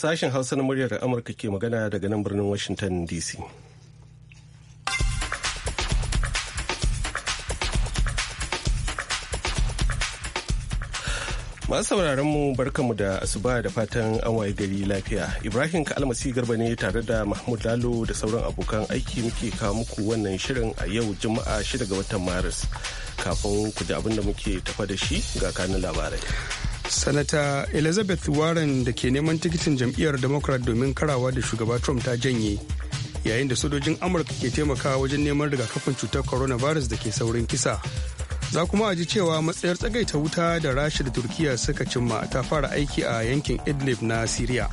Sashen Hausa na muryar Amurka ke magana daga nan birnin Washington DC. Masu sauraron mu barkanmu da asuba da fatan an waye gari lafiya. Ibrahim Kalmasi Garba ne tare da Mahmud Lalo da sauran abokan aiki muke kawo muku wannan shirin a yau Juma'a 6 ga watan Maris. Kafin ku ji abin da muke tafa da shi ga kanin labarai. sanata elizabeth warren da ke neman tikitin jam'iyyar democrat domin karawa da shugaba trump ta janye yayin da sojojin amurka ke taimakawa wajen neman rigakafin cutar coronavirus da ke saurin kisa za kuma a ji cewa matsayar tsagaita wuta da rasha da turkiya suka cimma ta fara aiki a yankin idlib na syria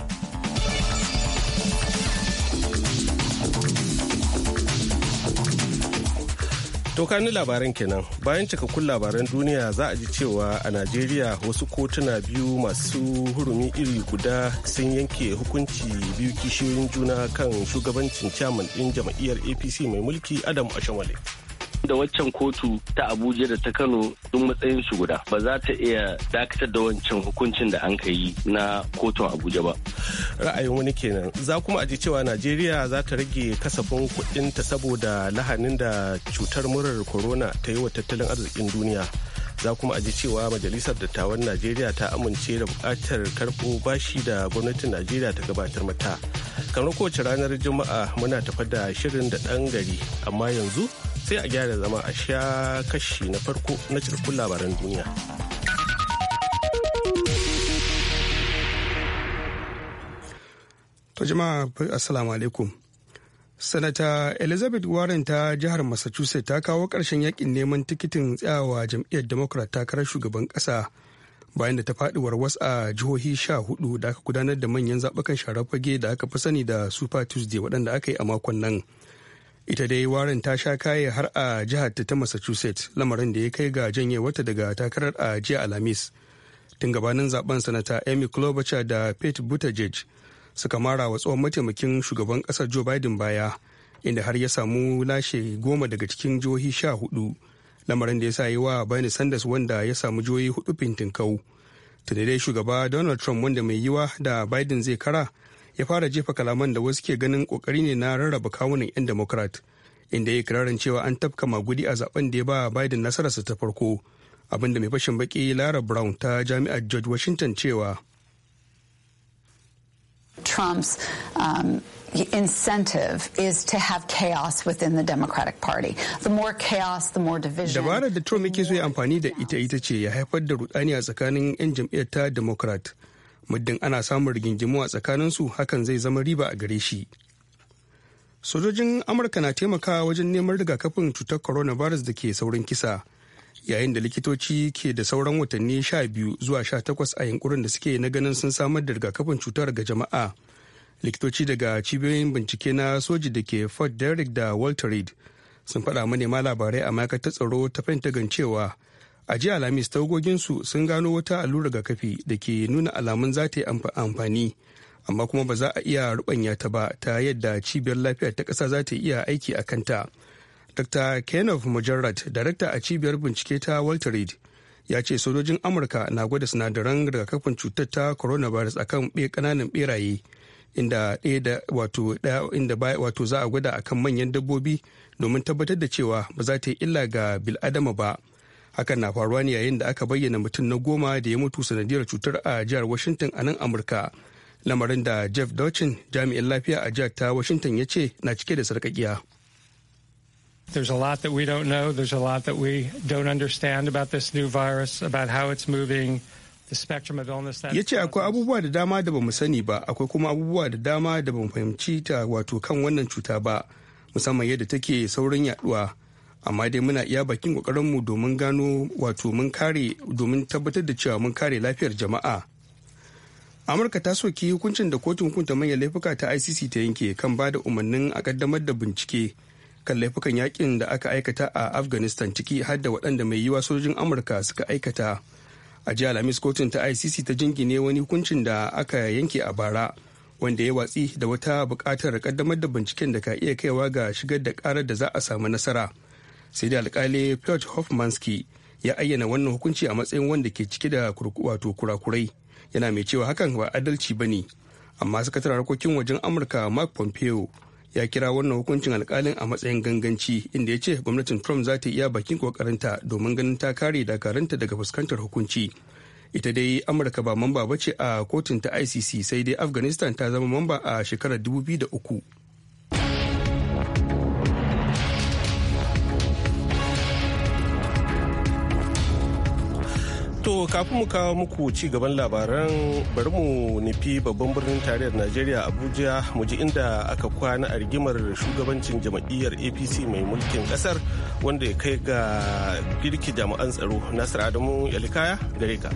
To kani labaran kenan bayan cikakkun labaran duniya za a ji cewa a Najeriya wasu kotuna biyu masu hurumi iri guda sun yanke hukunci biyu kishiyoyin juna kan shugabancin chairman ɗin jam'iyyar APC mai mulki Adam Ashamale. da waccan kotu ta Abuja da ta Kano duk matsayin su guda ba za ta iya dakatar da wancan hukuncin da an ka yi na kotun Abuja ba. Ra'ayin wani kenan za kuma aji cewa Najeriya za ta rage kasafin ta saboda lahanin da cutar murar corona ta yi wa tattalin arzikin duniya. za kuma aji cewa majalisar dattawan najeriya ta amince da bukatar karɓo bashi da gwamnatin najeriya ta gabatar mata kamar kowace ranar juma'a muna tafa da shirin da ɗan gari amma yanzu sai a gyara zama a sha kashi na farko na cirkun labaran duniya. To jama'a assalamu alaikum. Sanata Elizabeth Warren ta jihar Massachusetts ta kawo ƙarshen yakin neman tikitin tsayawa jam'iyyar Democrat takarar shugaban ƙasa bayan da ta faɗi warwas a jihohi sha hudu da aka gudanar da manyan zaɓukan sharar fage da aka fi sani da Super Tuesday waɗanda aka yi a makon nan. ita dai warren ta sha kaye har a jihar ta massachusetts lamarin da ya kai ga wata daga takarar a jiya alhamis tun gabanin zaben sanata amy klobuchar da pete buttigieg suka mara wa tsohon mataimakin shugaban kasar joe biden baya inda har ya samu lashe goma daga cikin jihohi sha hudu lamarin da ya sa yi wa bernie sanders wanda ya samu jihohi hudu fintinkau tunda dai shugaba donald trump wanda mai yiwa da biden zai kara ya fara jefa kalaman da wasu ke ganin kokari ne na rarraba kawunan 'yan democrat inda ya kirarin cewa an tafka magudi a zaben da ya ba biden nasararsa ta farko abinda mai fashin baki lara brown ta jami'ar george washington cewa Trump's um, incentive is to have chaos within the Democratic Party. The more chaos, the more division. Dabarar da Trump yake so ya amfani da ita ita ce ya haifar da rudani a tsakanin 'yan jam'iyyar ta Democrat. muddin ana samun rigingimu a tsakaninsu hakan zai zama riba a gare shi sojojin amurka na taimakawa wajen neman rigakafin cutar coronavirus da ke saurin kisa yayin da likitoci ke da sauran watanni sha biyu zuwa sha takwas a yankurin da suke na ganin sun samar da rigakafin cutar ga jama'a likitoci daga cibiyoyin bincike na soji da ke fort derrick da walter reed sun faɗa manema labarai a ma'aikatar tsaro ta pentagon cewa a jiya alhamis tagoginsu sun gano wata allurar kafi da ke nuna alamun za ta yi amfani amma kuma ba za a iya rubanya ta ba ta yadda cibiyar lafiya ta ƙasa za ta iya aiki a kanta dr kenneth mujarrad darakta a cibiyar bincike ta walter reed ya ce sojojin amurka na gwada sinadaran rigakafin cutar ta coronavirus akan kananan beraye inda ɗaya da wato ɗaya inda ba wato za a gwada akan manyan dabbobi domin tabbatar da cewa ba za ta yi illa ga bil'adama ba hakan na faruwa ne yayin da aka bayyana mutum na goma da ya mutu sanadiyar cutar a jihar washington a nan amurka lamarin da jeff dodson jami'in lafiya a jihar ta washington ya ce na cike da sarkakiya There's a lot that we don't know. There's a lot that we don't understand about this new virus, about how it's moving, the spectrum of illness Ya ce akwai abubuwa da dama da bamu sani ba, akwai kuma abubuwa da dama da bamu fahimci ta wato kan wannan cuta ba, musamman yadda take saurin yaduwa. amma dai muna iya bakin kokarinmu domin gano wato mun kare domin tabbatar da cewa mun kare lafiyar jama'a amurka ta soki hukuncin da kotun hukunta manyan laifuka ta icc ta yanke kan ba da umarnin a kaddamar da bincike kan laifukan yakin da aka aikata a afghanistan ciki har da waɗanda mai yiwa sojojin amurka suka aikata a jiya alhamis kotun ta icc ta jingine wani hukuncin da aka yanke a bara wanda ya watsi da wata bukatar kaddamar da binciken da ka iya kaiwa ga shigar da karar da za a samu nasara sai da alkali piotr hofmanski ya ayyana wannan hukunci a matsayin wanda ke cike da wato kurakurai yana mai cewa hakan ba adalci ba ne amma sakataren harkokin wajen amurka mark pompeo ya kira wannan hukuncin alkalin a matsayin ganganci inda ya ce gwamnatin trump za ta iya bakin kokarinta domin ganin ta kare dakaranta daga fuskantar hukunci ita dai amurka ba mamba ba ce a kotun ta icc sai dai afghanistan ta zama mamba a shekarar 2003 To kafin mu kawo muku ci gaban labaran bari mu nufi babban birnin tarayyar Najeriya Abuja mu ji inda aka kwana a rigimar shugabancin jam'iyyar APC mai mulkin kasar wanda ya kai ga girki jami'an tsaro Nasir Adamu Yalikaya gare ka.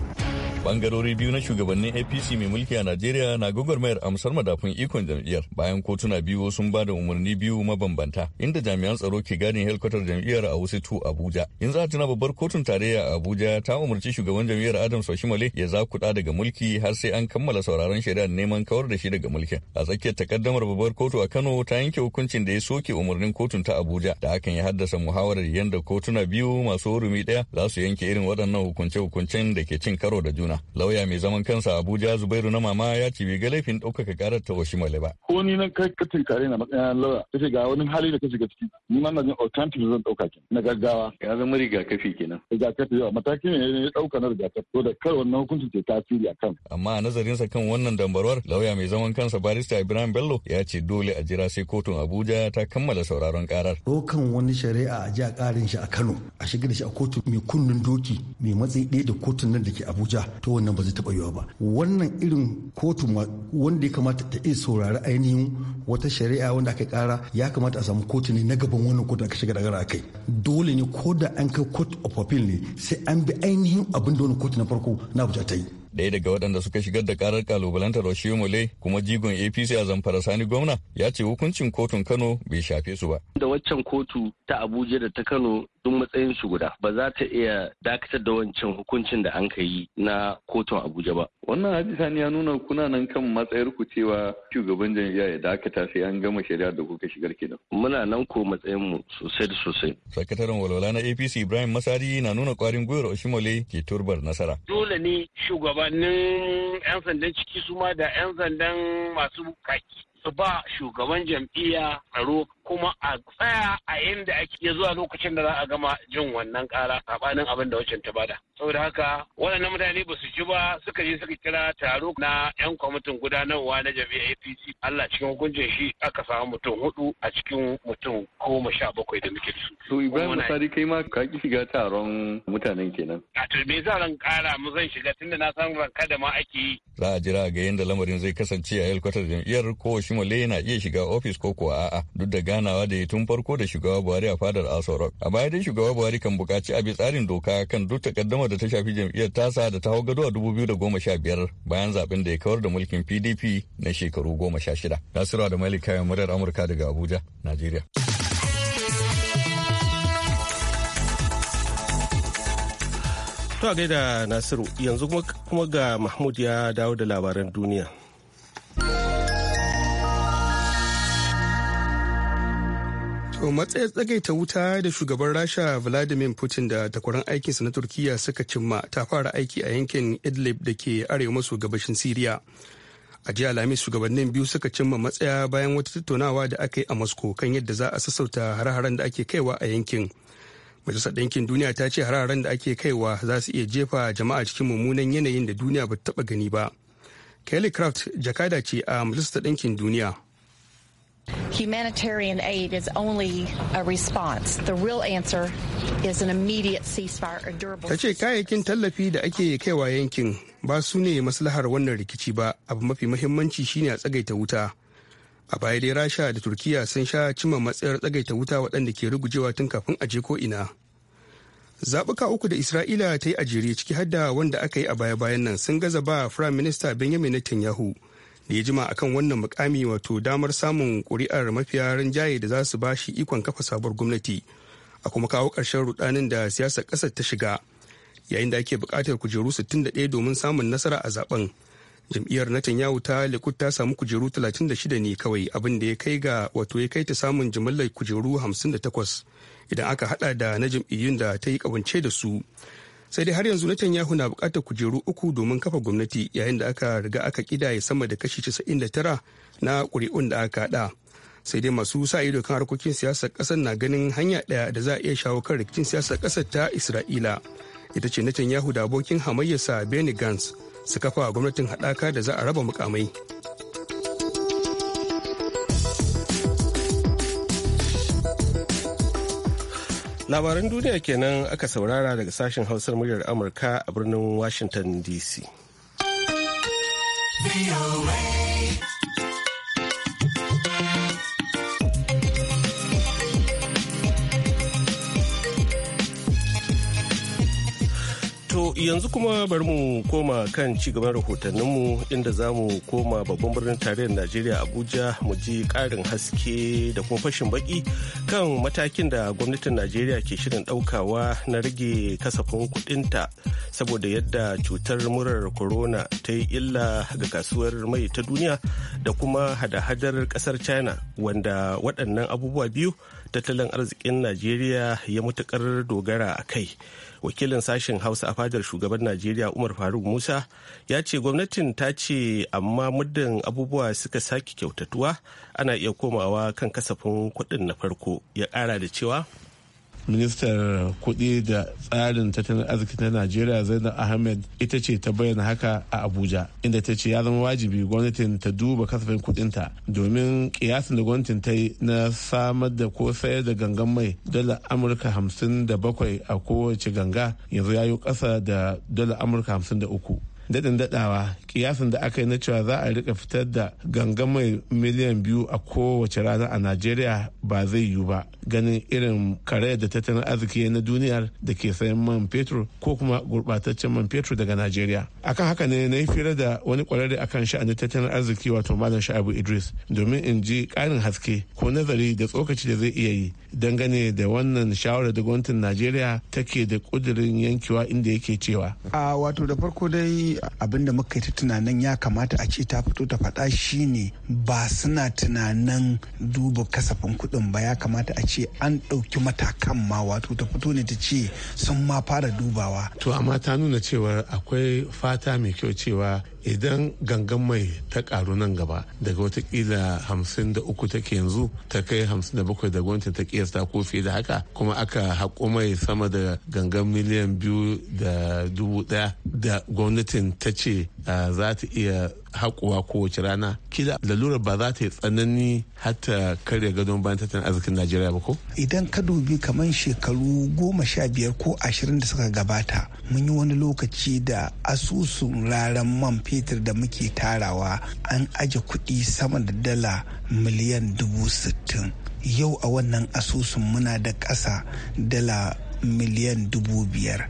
bangarori biyu na shugabannin apc mai mulki a najeriya na gwagwarmayar amsar madafun ikon jam'iyyar bayan kotuna biyu sun ba da umarni biyu mabambanta inda jami'an tsaro ke gadin helikwatar jam'iyyar a wasu abuja in za tuna babbar kotun tarayya a abuja ta umarci shugaban jam'iyyar Adam Sashimale ya za kuɗa daga mulki har sai an kammala sauraron shari'ar neman kawar da shi daga mulkin a tsakiyar takaddamar babbar kotu a kano ta yanke hukuncin da ya soke umarnin kotun ta abuja da hakan ya haddasa muhawarar yadda kotuna biyu masu hurumi ɗaya za su yanke irin waɗannan hukunce-hukuncen da ke cin karo da juna Kaduna. Lauya mai zaman kansa Abuja Zubairu na mama ya ce bai ga laifin ɗaukaka karar ta washi male ba. Ko ni nan kai ka kare na matsayin lauya ta ce ga wani hali da ka shiga ciki ni ma na jin alternative zan ɗauka ki na gaggawa. Ya zama rigakafi kenan. Rigakafi yawa mataki ne ya ɗauka na rigakafi to da kar wannan hukuncin ke tasiri a kan. Amma a nazarinsa kan wannan dambarwar lauya mai zaman kansa barista Ibrahim Bello ya ce dole a jira sai kotun Abuja ta kammala sauraron karar. Ɗaukan wani shari'a a ji a ƙarin shi a Kano a shiga da shi a kotu mai kunnen doki mai matsayi ɗaya da kotun nan da ke Abuja to wannan ba zai taɓa yiwa ba wannan irin kotu wanda ya kamata ta iya saurari ainihin wata shari'a wanda aka kara ya kamata a samu kotu ne na gaban wannan kotu aka shiga dagara kai dole ne ko da an kai court of appeal ne sai an bi ainihin abin da wani kotu na farko na abuja ta yi ɗaya daga waɗanda suka shigar da karar kalubalantar Oshiyo mule kuma jigon APC a Zamfara Sani Gwamna ya ce hukuncin kotun Kano bai shafe su ba. Da waccan kotu ta Abuja da ta Kano duk matsayin su guda ba za ta iya dakatar da wancan hukuncin da an yi na kotun Abuja ba. Wannan Haji Sani ya nuna kuna nan kan matsayar ku cewa shugaban jam'iyya ya dakata sai an gama shari'a da kuka shigar kenan. Muna nan ko matsayin mu sosai da sosai. Sakataren walwala na APC Ibrahim Masari na nuna kwarin gwiwar Oshimole ke turbar nasara. Dole ne shugabannin 'yan sandan ciki su ma da 'yan sandan masu kaki su ba shugaban jam'iyya tsaro kuma a tsaya a yadda ake zuwa lokacin da za a gama jin wannan kara sabanin abin da wacce ta bada saboda haka waɗannan mutane ba su ji ba suka yi suka kira taro na yan kwamitin gudanarwa na jami'a apc allah cikin hukuncin shi aka samu mutum hudu a cikin mutum goma sha bakwai da muke su. to ibrahim musari kai ma ka ki shiga taron mutanen kenan. a to me yasa ran kara mu zan shiga tunda na san ran da ma ake yi. za a jira ga yadda lamarin zai kasance a yalkwatar jam'iyyar ko shi shimale na iya shiga ofis ko kuwa a'a duk da ganawa da ya tun farko da shugaba Buhari a fadar Aso A baya dai shugaba Buhari kan bukaci a bi tsarin doka kan duk takaddama da ta shafi jam'iyyar tasa da ta hau gado a 2015 bayan zaben da ya kawar da mulkin PDP na shekaru 16. Nasiru da Malik Kayan Murar Amurka daga Abuja, Najeriya. To a gaida Nasiru yanzu kuma ga Mahmud ya dawo da labaran duniya. to matsayar tsagaita wuta da shugaban rasha vladimir putin da takwaran aikinsa na turkiyya suka cimma ta fara aiki a yankin idlib da ke arewa maso gabashin siriya a jiya alhamis shugabannin biyu suka cimma matsaya bayan wata tattaunawa da aka yi a moscow kan yadda za a sassauta hare-haren da ake kaiwa a yankin majalisar ɗinkin duniya ta ce hare-haren da ake kaiwa za su iya jefa jama'a cikin mummunan yanayin da duniya bata taɓa gani ba kelly craft jakada ce a majalisar ɗinkin duniya Humanitarian aid is only a response. The real answer is an immediate ceasefire, a durable Ta ce kayayyakin tallafi da ake kaiwa yankin ba su ne maslahar wannan rikici ba, abu mafi mahimmanci shine a tsagaita wuta. A baya dai Rasha da Turkiya sun sha cimma matsayar tsagaita wuta waɗanda ke rugujewa tun kafin aje ko ina. zaɓuka uku da isra'ila ta yi a jere ciki hadda wanda aka yi a baya-bayan nan sun gaza ba Firaminista minista benjamin netanyahu da ya jima akan wannan mukami wato damar samun kuri'ar mafiya rinjaye da za su ba shi ikon kafa sabuwar gwamnati a kuma kawo ƙarshen rudanin da siyasar ƙasar ta shiga yayin da ake buƙatar kujeru 61 domin samun nasara a zaben jam'iyyar Netanyahu ta Likud ta samu kujeru 36 ne kawai abin da ya kai ga wato ya kai ta samun jimillar kujeru 58 idan aka hada da na jam'iyyun da ta yi kabance da su sai dai har yanzu Netanyahu na bukatar kujeru uku domin kafa gwamnati yayin da aka riga aka kidaye sama da kashi 99 na kuri'un da aka haɗa. sai dai masu sa ido kan harkokin siyasar kasar na ganin hanya daya da za a iya shawo kan rikicin siyasar ƙasar ta Isra'ila. Ita ce Netanyahu da abokin hamayyarsa Benny Gantz su kafa gwamnatin hadaka da za a raba mukamai. labaran duniya kenan aka saurara daga sashen hausar muryar amurka a birnin washington dc. yanzu kuma bari mu koma kan ci gaban rahotanninmu inda za mu koma babban birnin tarayyar Najeriya Abuja mu ji ƙarin haske da kuma fashin baki kan matakin da gwamnatin Najeriya ke shirin ɗaukawa na rage kasafin kuɗinta saboda yadda cutar murar corona ta yi illa ga kasuwar mai ta duniya da kuma hada-hadar ƙasar China wanda waɗannan abubuwa biyu tattalin arzikin Najeriya ya matuƙar dogara a kai. wakilin sashen hausa a fadar shugaban najeriya umar faruk musa ya ce gwamnatin ta ce amma muddin abubuwa suka sake kyautatuwa ana iya komawa kan kasafin kuɗin na farko ya ƙara da cewa ministar kuɗi da tsarin tattalin arziki na najeriya zainab ahmed ita ce ta bayyana haka a abuja inda ta ce ya zama wajibi gwamnatin ta duba kasafin kuɗinta domin kiyasin da gwamnatin ta yi na samar da ko sayar da gangan mai dala amurka hamsin da bakwai a kowace ganga yanzu ya yi ƙasa da dala amurka hamsin da uku daɗin daɗawa kiyasin da aka yi na cewa za a rika fitar da ganga mai miliyan biyu a kowace rana a najeriya ba zai yiwu ba ganin irin kare da tattalin arziki na duniyar da ke sayan man fetur ko kuma gurbataccen man fetur daga najeriya akan haka ne na yi fira da wani kwararre akan sha'anin tattalin arziki wato malam sha'abu idris domin in ji ƙarin haske ko nazari da tsokaci da zai iya yi dangane da wannan shawarar da gwamnatin najeriya take da ƙudurin yankewa inda yake cewa a wato da farko dai abin da muka yi ta tunanin ya kamata a ce ta fito ta faɗa shi ne ba suna tunanin duba kasafin kuɗin ba ya kamata a ce an ɗauki matakan ma wato ta fito ne ta ce sun ma fara dubawa. To amma ta nuna cewa akwai fata mai kyau cewa idan gangan mai ta karu nan gaba daga watakila hamsin da uku take yanzu ta kai hamsin da bakwai daga gwamnati ta kiyasta ko fiye da haka kuma aka haƙo mai sama da gangan miliyan biyu da dubu ɗaya da gwamnatin ta ce ah, za ta iya haƙuwa kowace rana kila lalura ba za ta yi tsanani ta karya gadon bayan tattalin arzikin najeriya ba ko idan ka dubi kamar shekaru goma sha biyar ko ashirin da suka gabata mun yi wani lokaci da asusun raran man fetur da muke tarawa an aje kuɗi sama da dala miliyan dubu sittin yau a wannan asusun muna da ƙasa dala miliyan dubu biyar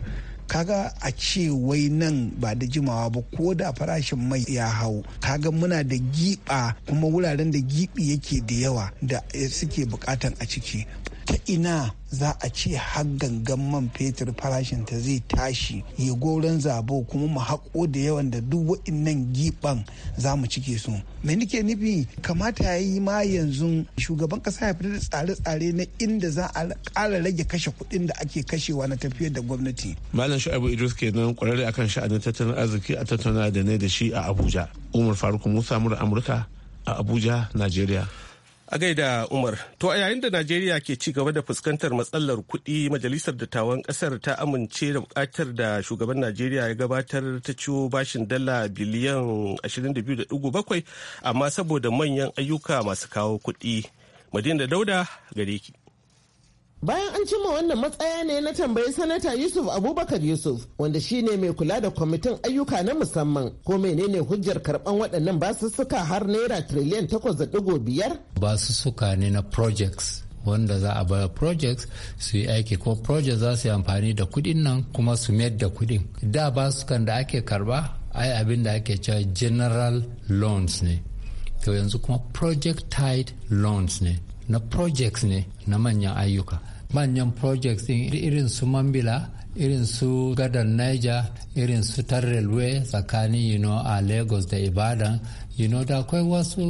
kaga a ce wai nan ba da jimawa ba ko da farashin mai ya hau kaga muna da giɓa kuma wuraren da giɓi yake da yawa da suke bukatan a ciki ta ina za a ce har gangan man fetur farashin ta zai tashi ya goron zabo kuma mu haƙo da yawan da duk wa'innan giɓan za mu cike su me nake nufi kamata ya yi ma yanzu shugaban ƙasa ya fita da tsare-tsare na inda za a ƙara rage kashe kuɗin da ake kashewa na tafiyar da gwamnati malam shu'abu idris nan ƙwararre akan sha'anin tattalin arziki a tattauna da ne da shi a abuja umar faruk musa mura amurka a abuja najeriya A gaida Umar, to a yayin da Najeriya ke ci gaba da fuskantar matsalar kuɗi majalisar dattawan ƙasar ta amince da bukatar da shugaban Najeriya ya gabatar ta ciwo bashin dala biliyan 22.7 amma saboda manyan ayyuka masu kawo kuɗi. Madina Dauda gare ki. bayan an cimma wannan matsaya ne na tambayi sanata yusuf abubakar yusuf wanda shi ne mai kula da kwamitin ayyuka na musamman ko menene hujjar karban waɗannan basussuka har naira triliyan takwas da digo biyar basussuka ne na projects wanda za a bayar projects su yi aiki ko projects za su yi amfani da kuɗin nan kuma su mayar da kuɗin da basukan da ake karba ai abin da ake cewa general loans ne to yanzu kuma project tied loans ne na projects ne na manyan ayyuka manyan projects din irin su mambila irin su gadon niger irin su tarrelwe tsakanin you know, a lagos da ibadan you da akwai wasu,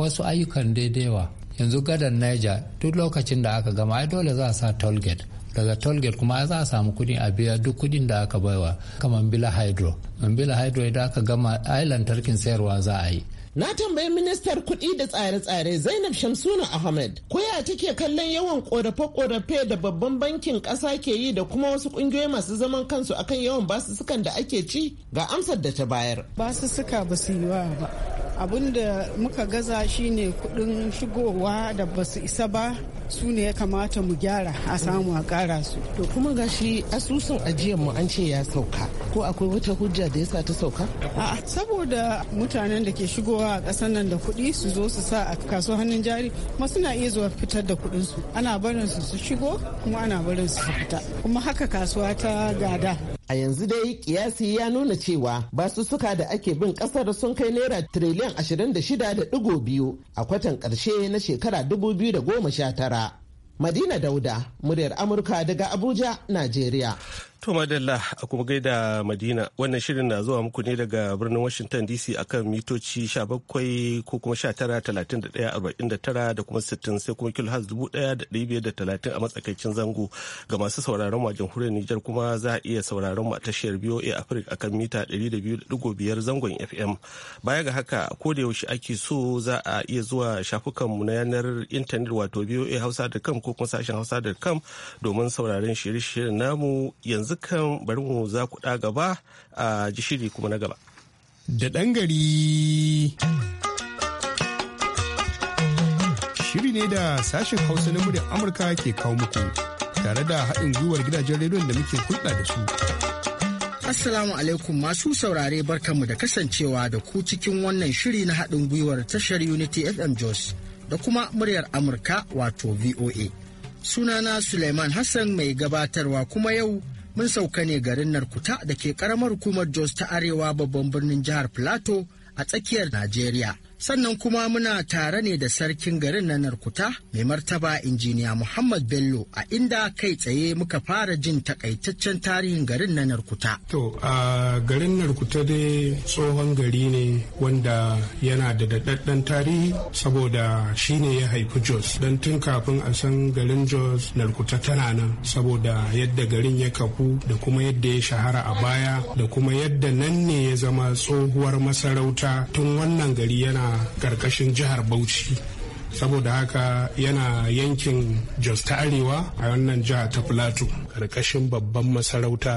wasu ayyukan daidaiwa yanzu gadon niger duk lokacin da aka gama ai dole za a sa tolget daga tolget kuma za a samu kudi a biya duk kudin da aka baiwa kamar bila hydro bila hydro idan aka gama ai lantarkin sayarwa za a yi Na tambayi ministar kuɗi da tsare-tsare Zainab Shamsuna Ahmed koya ya take kallon yawan ƙorafe korafe da babban bankin ƙasa ke yi da kuma wasu ƙungiyoyi masu zaman kansu akan yawan basussukan da ake ci ga amsar da ta bayar. Basussuka ba su yi ba. abin da muka gaza shine kudin shigowa da basu isa ba su ne ya kamata mu gyara a samu a kara su to kuma gashi asusun ajiyar mu an ce ya sauka ko akwai wata hujja da yasa ta sauka a saboda mutanen da ke shigowa a ƙasar nan da kuɗi su zo su sa a kaso hannun jari kuma suna iya zuwa fitar da kuɗin su ana barin su su shigo kuma ana barin su su fita kuma haka kasuwa ta gada A yanzu dai kiyasi ya nuna cewa suka da ake bin kasar sun kai naira tiriliyan 26.2 a kwatan karshe na shekara 2019. Madina Dauda, muryar Amurka daga Abuja, Najeriya. To madalla a kuma gaida Madina wannan shirin na zuwa muku ne daga birnin Washington DC akan mitoci 17 ko kuma 19,31,49 da kuma 60 sai kuma kilo dubu da da talatin a matsakaicin zango ga masu sauraron mu a jamhuriyar Nijar kuma za a iya sauraron mu a tashar BOA Africa akan mita 200.5 zangon FM. Baya ga haka ko da yaushe ake so za a iya zuwa shafukan mu na yanar intanet wato kam ko kuma sashen hausa.com domin sauraron shirye-shiryen namu yanzu yanzu kan bari mu za ku ɗa gaba a ji shiri kuma na gaba. Da ɗan gari. Shiri ne da sashen Hausa na muryar Amurka ke kawo muku tare da haɗin gwiwar gidajen rediyon da muke hulɗa da su. Assalamu alaikum masu saurare barkanmu da kasancewa da ku cikin wannan shiri na haɗin gwiwar tashar Unity FM Jos da kuma muryar Amurka wato VOA. Sunana Suleiman Hassan mai gabatarwa kuma yau mun sauka ne garin Narkuta da ke karamar hukumar Jos ta Arewa babban birnin jihar Plateau a tsakiyar Najeriya. sannan kuma muna tare ne da sarkin garin na narkuta mai martaba injiniya muhammad bello a inda kai tsaye muka fara jin takaitaccen tarihin garin na narkuta to a garin narkuta dai tsohon gari ne wanda yana da daɗaɗɗen tarihi saboda shine ya haifi jos don tun kafin a san garin jos narkuta tana nan saboda yadda garin ya kafu da kuma yadda ya shahara a baya da kuma yadda nan ne ya zama tsohuwar masarauta tun wannan gari yana karkashin jihar bauchi saboda haka yana yankin jos ta arewa a wannan jiha ta plateau karkashin babban masarauta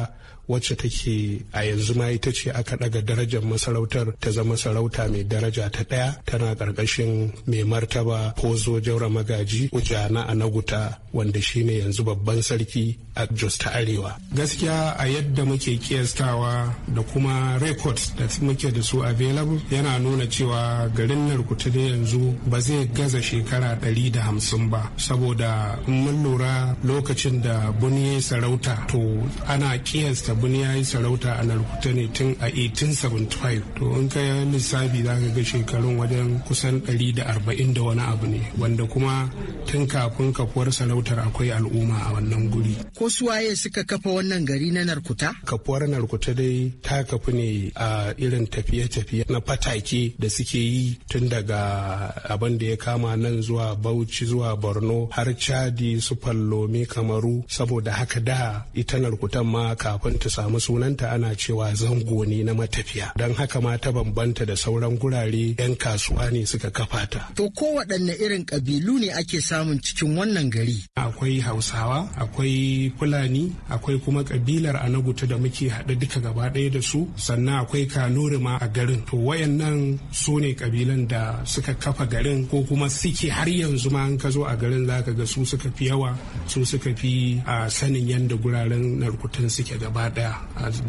wacce take a yanzu ma ita ce aka daga darajar masarautar ta zama sarauta mai daraja ta ɗaya tana ƙarƙashin mai martaba pozo jaura magaji ujana a naguta wanda shine yanzu babban sarki a jos ta arewa gaskiya a yadda muke kiyastawa da kuma records da muke da su available yana nuna cewa garin narkuta da yanzu ba zai gaza shekara ɗari da hamsin ba saboda mun lura lokacin da bunye sarauta to ana kiyasta abin ya yi sarauta a Narkuta ne tun a 1875. To in ka lissafi za ka ga shekarun wajen kusan 140 da wani abu ne wanda kuma tun kafin kafuwar sarautar akwai al'umma a wannan guri. Ko su waye suka kafa wannan gari na Narkuta? Kafuwar Narkuta dai ta kafu ne a irin tafiye-tafiye na fatake da suke yi tun daga abin da ya kama nan zuwa Bauchi zuwa Borno har Chadi su Fallomi Kamaru saboda haka da ita Narkutan ma kafin ta samu sunanta ana cewa zango ne na matafiya don haka ma ta bambanta da sauran gurare 'yan kasuwa ne suka kafa ta. To ko waɗanne irin ƙabilu ne ake samun cikin wannan gari? Akwai Hausawa, akwai Fulani, akwai kuma ƙabilar Anaguta da muke haɗa duka gaba ɗaya da su, sannan akwai Kanuri ma a garin. To wayannan su ne ƙabilan da suka kafa garin ko kuma suke har yanzu ma an ka zo a garin za ka ga su suka fi yawa, su suka fi a ah, sanin yadda guraren narkutan suke gaba Daya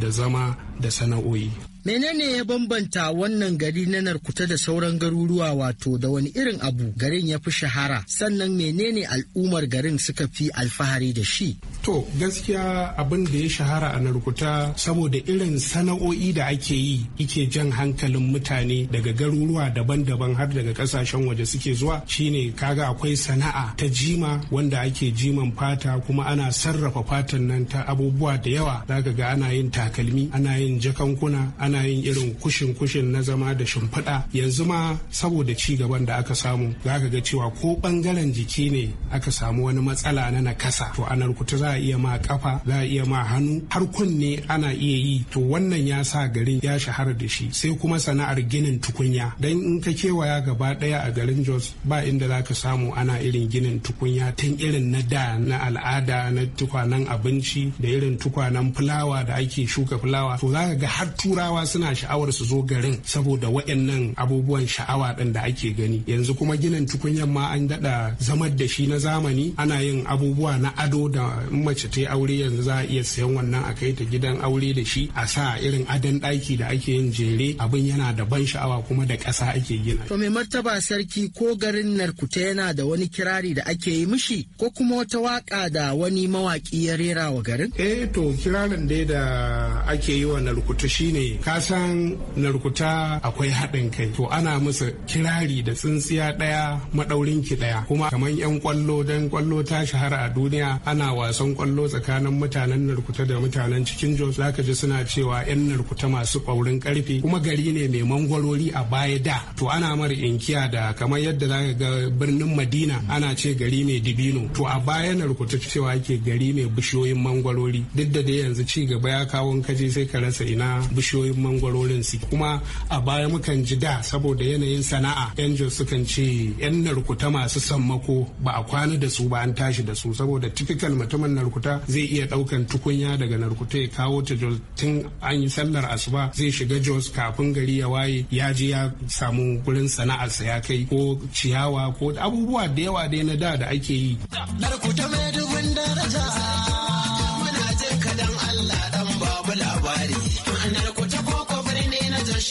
da zama da sana'o'i menene ya bambanta wannan gari na narkuta da sauran garuruwa wato da wani irin abu garin ya fi shahara sannan menene al'ummar garin suka fi alfahari da shi to gaskiya abin da ya shahara a narkuta saboda irin sana'o'i da ake yi ike jan hankalin mutane daga garuruwa daban-daban har daga kasashen waje suke zuwa shine kaga akwai sana'a ta jima wanda ake jiman fata kuma ana sarrafa fatan nan ta abubuwa da yawa zaka ga ana yin takalmi ana yin jakankuna ana yin irin kushin kushin na zama da shimfiɗa yanzu ma saboda ci gaban da aka samu za ka ga cewa ko bangaren jiki ne aka samu wani matsala na nakasa to a narkuta za a iya ma kafa za a iya ma hannu har kunne ana iya yi to wannan ya sa garin ya shahara da shi sai kuma sana'ar ginin tukunya dan in ka kewaya gaba ɗaya a garin Jos ba inda za ka samu ana irin ginin tukunya tun irin na da na al'ada na tukwanen abinci da irin tukwanen fulawa da ake shuka fulawa to za ka ga har turawa suna sha'awar su zo garin saboda waɗannan abubuwan sha'awa ɗin da ake gani yanzu kuma ginin tukunyan ma an daɗa zamar da shi na zamani ana yin abubuwa na ado da mace ta aure yanzu za a iya sayan wannan a kai ta gidan aure da shi a sa irin adon ɗaki da ake yin jere abin yana da ban sha'awa kuma da ƙasa ake gina. To mai martaba sarki ko garin Narkuta yana da wani kirari da ake yi mishi ko kuma wata waka da wani mawaƙi ya rera wa garin? Eh to kirarin dai da ake yi wa Narkuta shine ka kasan narkuta akwai haɗin kai to ana musu kirari da tsintsiya ɗaya maɗaurin ki ɗaya kuma kamar yan kwallo don kwallo ta shahara a duniya ana wasan kwallo tsakanin mutanen narkuta da mutanen cikin jos zaka ji suna cewa yan narkuta masu ƙaurin ƙarfi kuma gari ne mai mangwarori a baya da to ana mara inkiya da kamar yadda zaka ga birnin madina ana ce gari mai dibino to a baya narkuta cewa ke gari mai bishiyoyin mangwarori duk da dai yanzu ci gaba ya kawo kaje sai ka rasa ina bishiyoyin mangwarorin su kuma a baya mukan ji da saboda yanayin sana'a yan jos sukan ce yan narkuta masu sammako ba a kwana da su ba an tashi da su saboda typical mutumin narkuta zai iya ɗaukan tukunya daga narkuta ya kawo ta jos tun an yi sallar asuba zai shiga jos kafin gari ya waye ya je ya samu gurin sana'a sa ya kai ko ciyawa ko abubuwa da yawa dai na da da ake yi. Narkuta mai dubin daraja.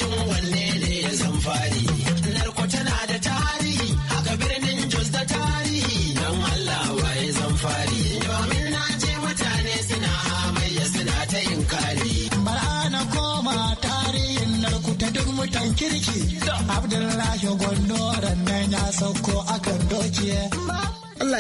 shin wanne ne ya zan fari narko tana da tarihi haka birnin jos da tarihi don allah waye zan fari domin na je mutane suna hamayya suna ta yin kari na koma tarihin narko ta duk mutan kirki abdullahi gwando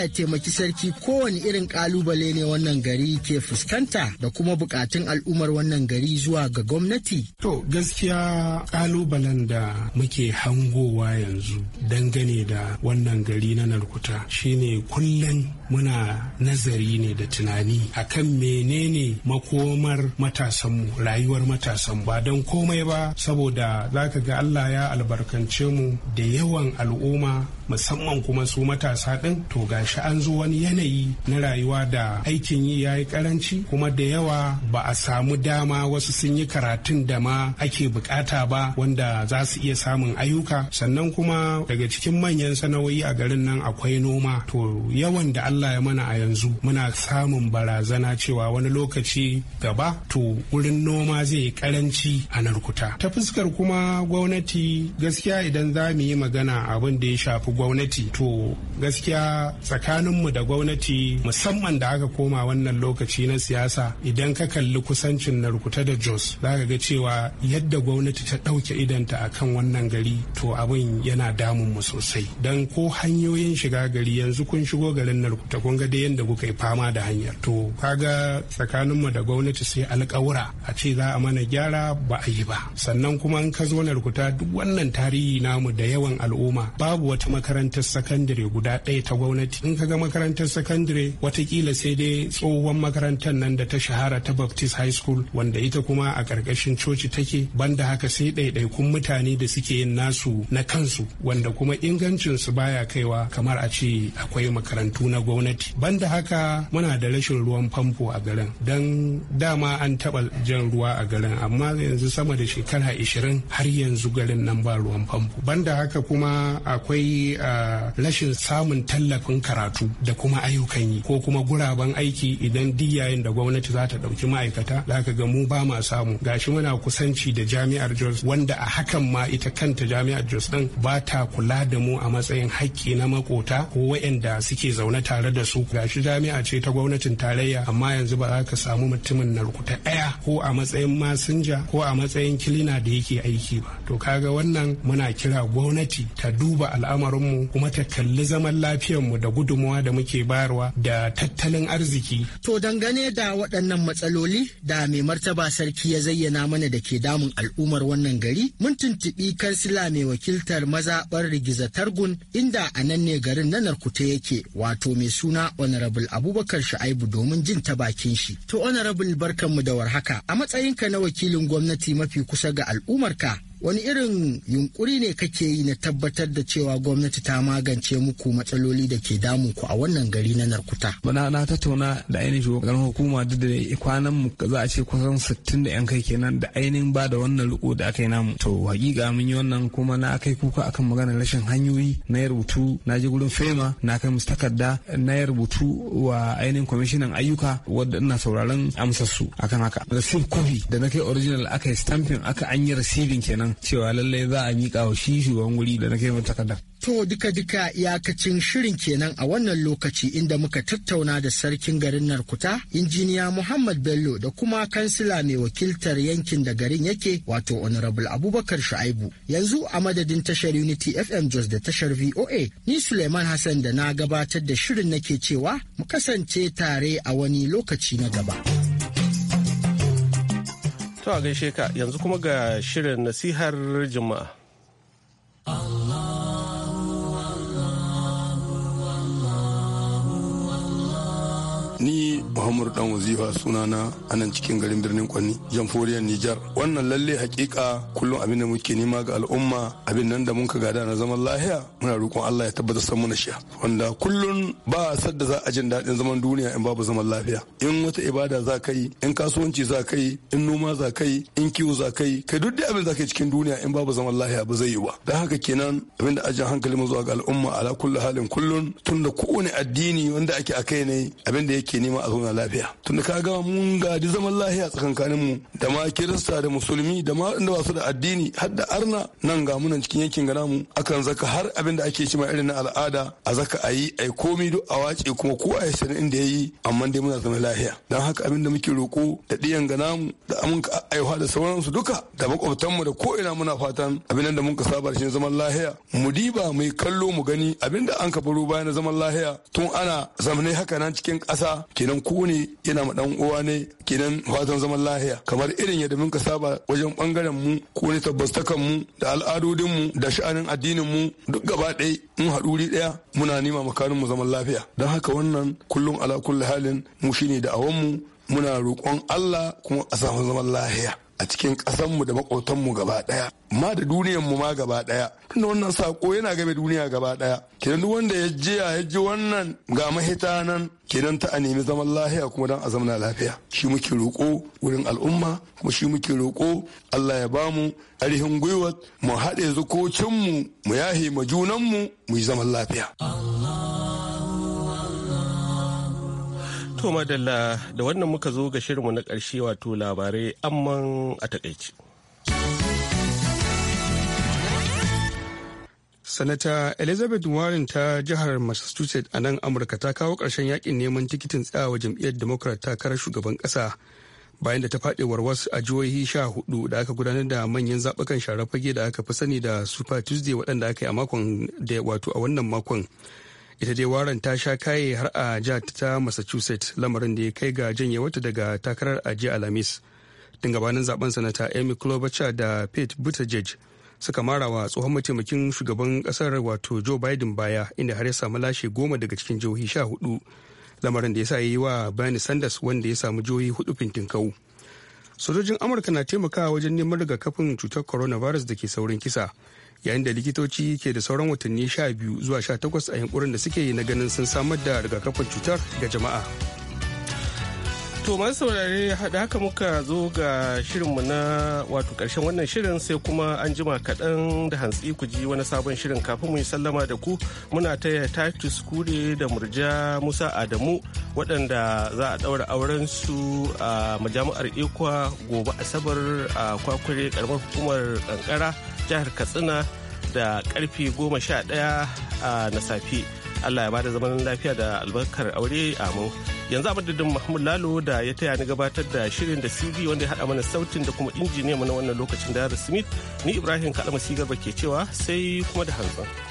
ya taimaki sarki kowane irin kalubale ne wannan gari ke fuskanta da kuma bukatun al'ummar wannan gari zuwa ga gwamnati? To gaskiya kalubalen da muke hangowa yanzu dangane da wannan gari na Narkuta shine kullum muna nazari ne da tunani a kan menene makomar matasanmu rayuwar matasan ba don komai ba saboda za ka ga Allah ya albarkance mu da yawan al'umma musamman kuma su matasa ɗin to gashi an zo wani yanayi na rayuwa da aikin yi ya yi karanci kuma da yawa ba a samu dama wasu sun yi karatun da ma ake bukata ba wanda za su iya samun ayyuka sannan kuma daga cikin manyan sana'o'i a garin nan akwai noma to yawan da Allah Allah ya mana a yanzu muna samun barazana cewa wani lokaci gaba to wurin noma zai karanci a narkuta ta fuskar kuma gwamnati gaskiya idan za mu yi magana abin da ya shafi gwamnati to gaskiya tsakaninmu da gwamnati musamman da aka koma wannan lokaci na siyasa idan ka kalli kusancin narkuta da jos za ka ga cewa yadda gwamnati ta ɗauke idanta a kan wannan gari to abin yana damun mu sosai don ko hanyoyin shiga gari yanzu kun shigo garin narkuta ta kunga da yadda kuka yi fama da hanyar to kaga tsakaninmu da gwamnati sai alƙawura a ce za a mana gyara ba a yi ba sannan kuma in ka zo na rukuta duk wannan tarihi namu da yawan al'umma babu wata makarantar sakandare guda ɗaya ta gwamnati in ka ga makarantar sakandare watakila sai dai tsohon makarantar nan da ta shahara ta baptist high school wanda ita kuma a ƙarƙashin coci take banda haka sai ɗaiɗaikun mutane da suke yin nasu na kansu wanda kuma ingancinsu baya kaiwa kamar a ce akwai makarantu na gwamnati gwamnati banda haka muna da rashin ruwan famfo a garin don dama an taɓa jan ruwa a garin amma yanzu sama da shekara 20 har yanzu garin nan ba ruwan famfo banda haka kuma akwai ah, rashin samun tallafin karatu da kuma ayyukan yi ko kuma guraben aiki idan duk yayin da gwamnati za ta ɗauki ma'aikata za ka ga mu ba ma samu gashi muna kusanci da jami'ar jos wanda a hakan ma ita kanta jami'ar jos ɗin ba ta kula da mu a matsayin haƙƙi na makota ko waɗanda suke zaune tare tare da su gashi jami'a ce ta gwamnatin tarayya amma yanzu ba za ka samu mutumin narkuta ɗaya ko a matsayin masinja ko a matsayin kilina da yake aiki ba to kaga wannan muna kira gwamnati ta duba al'amarinmu kuma ta kalli zaman lafiyarmu da gudunmawa da muke bayarwa da tattalin arziki to dangane da waɗannan matsaloli da mai martaba sarki ya zayyana mana da ke damun al'ummar wannan gari mun tuntubi kansila mai wakiltar mazaɓar rigizatar gun inda a nan ne garin na narkuta yake wato mai suna honorable abubakar shu'aibu domin jin ta bakin shi to honorable barkanmu da warhaka a matsayinka na wakilin gwamnati mafi kusa ga al'ummarka wani irin yunkuri ne kake yi na tabbatar da cewa gwamnati ta magance muku matsaloli da ke damun ku a wannan gari na narkuta bana na tattauna da ainihin shugaban hukuma duk da kwanan mu za a ce kusan 60 da yan kai kenan da ainihin ba da wannan riko da aka yi namu to hakika mun yi wannan kuma na kai kuka akan maganar rashin hanyoyi na ya rubutu na je gurin fema na kai musu takarda na ya rubutu wa ainihin kwamishinan ayyuka wadda ina sauraron amsar su akan haka receive kofi da na kai original aka yi stamping aka an yi receiving kenan cewa lallai za a miƙa wa shi shugaban wuri da na kai mun takardar. To duka-duka iyakacin shirin kenan a wannan lokaci inda muka tattauna da sarkin garin Narkuta, injiniya Muhammad Bello da kuma kansila mai wakiltar yankin da garin yake wato Honorable Abubakar Shu'aibu. Yanzu a madadin tashar Unity FM Jos da tashar VOA, ni Suleiman Hassan da na gabatar da shirin nake cewa mu kasance tare a wani lokaci na gaba. To a gaishe ka yanzu kuma ga shirin nasihar Juma'a. Allah. ni Muhammad Dan Wazifa sunana a nan cikin garin birnin Kwanni, Jamhuriyar Nijar. Wannan lalle hakika kullum abin da muke nema ga al'umma abin nan da mun gada na zaman lahiya muna roƙon Allah ya tabbatar san na shiya Wanda kullum ba sadda za a jin daɗin zaman duniya in babu zaman lafiya. In wata ibada za ka yi, in kasuwanci za ka yi, in noma za ka yi, in kiwo za ka yi, kai duk da abin za ka yi cikin duniya in babu zaman lahiya ba zai yi ba. Da haka kenan abin da ajin hankali mu zuwa ga al'umma ala kullu halin kullum tunda kowane addini wanda ake a kai ne abin da yake ke nema a zauna lafiya tun da ka gama mun gadi zaman lahiya tsakankanin mu da ma kirista da musulmi da ma inda basu da addini har da arna nan ga munan cikin yankin gana mu akan zaka har abin da ake cima irin na al'ada a zaka a yi a komi duk a wace kuma ko a sanin inda ya yi amma dai muna zaman lahiya dan haka abin da muke roko da ɗiyan ga mu da aminka aiwa da sauransu duka da makwabtanmu da ko ina muna fatan abin da mun ka saba shi zaman lahiya mu diba mai kallo mu gani abin da an ka baro bayan zaman lahiya tun ana zamanai haka nan cikin ƙasa Kidan kenan ku ne yana ma dan uwa ne kenan fatan zaman lahiya kamar irin yadda mun ka saba wajen bangaren mu ko ne tabbastakan mu da al'adodin mu da sha'anin addinin mu duk gaba ɗaya mun haɗuri ɗaya muna nima makarin mu zaman lafiya don haka wannan kullum ala kulli halin mu shine da awan mu muna roƙon Allah kuma a samu zaman lahiya a cikin ƙasanmu da maƙotanmu gaba ɗaya ma da duniyanmu ma gaba ɗaya tunda wannan sako yana game duniya gaba ɗaya kenan wanda ya je ya je wannan ga mahita nan kenan ta a nemi zaman lafiya kuma dan a zamana lafiya shi muke roƙo wurin al'umma kuma shi muke roƙo Allah ya bamu arihin gwiwa mu haɗe zukocinmu mu yahe ma junanmu mu yi zaman lafiya. To madalla da wannan muka zo ga shirinmu na karshe wato labarai amman a takaici. Sanata Elizabeth Warren ta jihar Massachusetts a nan Amurka ta kawo karshen yakin neman tikitin tsayawa jam'iyyar Democrat kara shugaban kasa bayan da ta faɗewar wasu a jihohi sha hudu da aka gudanar da manyan zaɓukan sharafage fage da aka fi sani da Super Tuesday waɗanda aka yi a makon da wato a wannan makon. ita dai warren ta sha kaye har a jihar ta massachusetts lamarin da ya kai ga wata daga takarar a jiya alhamis tun gabanin zaben sanata amy klobuchar da pete buttigieg suka marawa tsohon mataimakin shugaban kasar wato joe biden baya inda har ya samu lashe goma daga cikin jihohi sha hudu lamarin da ya sa yi wa bernie sanders wanda ya samu jihohi hudu fintin fintinkau sojojin amurka na taimakawa wajen neman rigakafin cutar coronavirus da ke saurin kisa yayin da likitoci ke da sauran watanni sha biyu zuwa takwas a yankurin da suke yi na ganin sun samar da rigakafin cutar ga jama'a. To masu saurare haɗa haka muka zo ga shirinmu na wato ƙarshen wannan shirin sai kuma an jima kaɗan da hantsi ku ji wani sabon shirin kafin mu yi sallama da ku muna taya Titus Kure da Murja Musa Adamu waɗanda za a ɗaura auren su a majami'ar Ikwa gobe Asabar a kwakware ƙaramar hukumar ƙanƙara jihar katsina da karfe 11 na safe allah ya bada zaman lafiya da albarkar aure amin yanzu a madadin mahmud lalo da ya taya ni gabatar da shirin da cv wanda ya haɗa mana sautin da kuma injiniya mana wannan lokacin da smith ni ibrahim kalama garba ke cewa sai kuma da hantsin.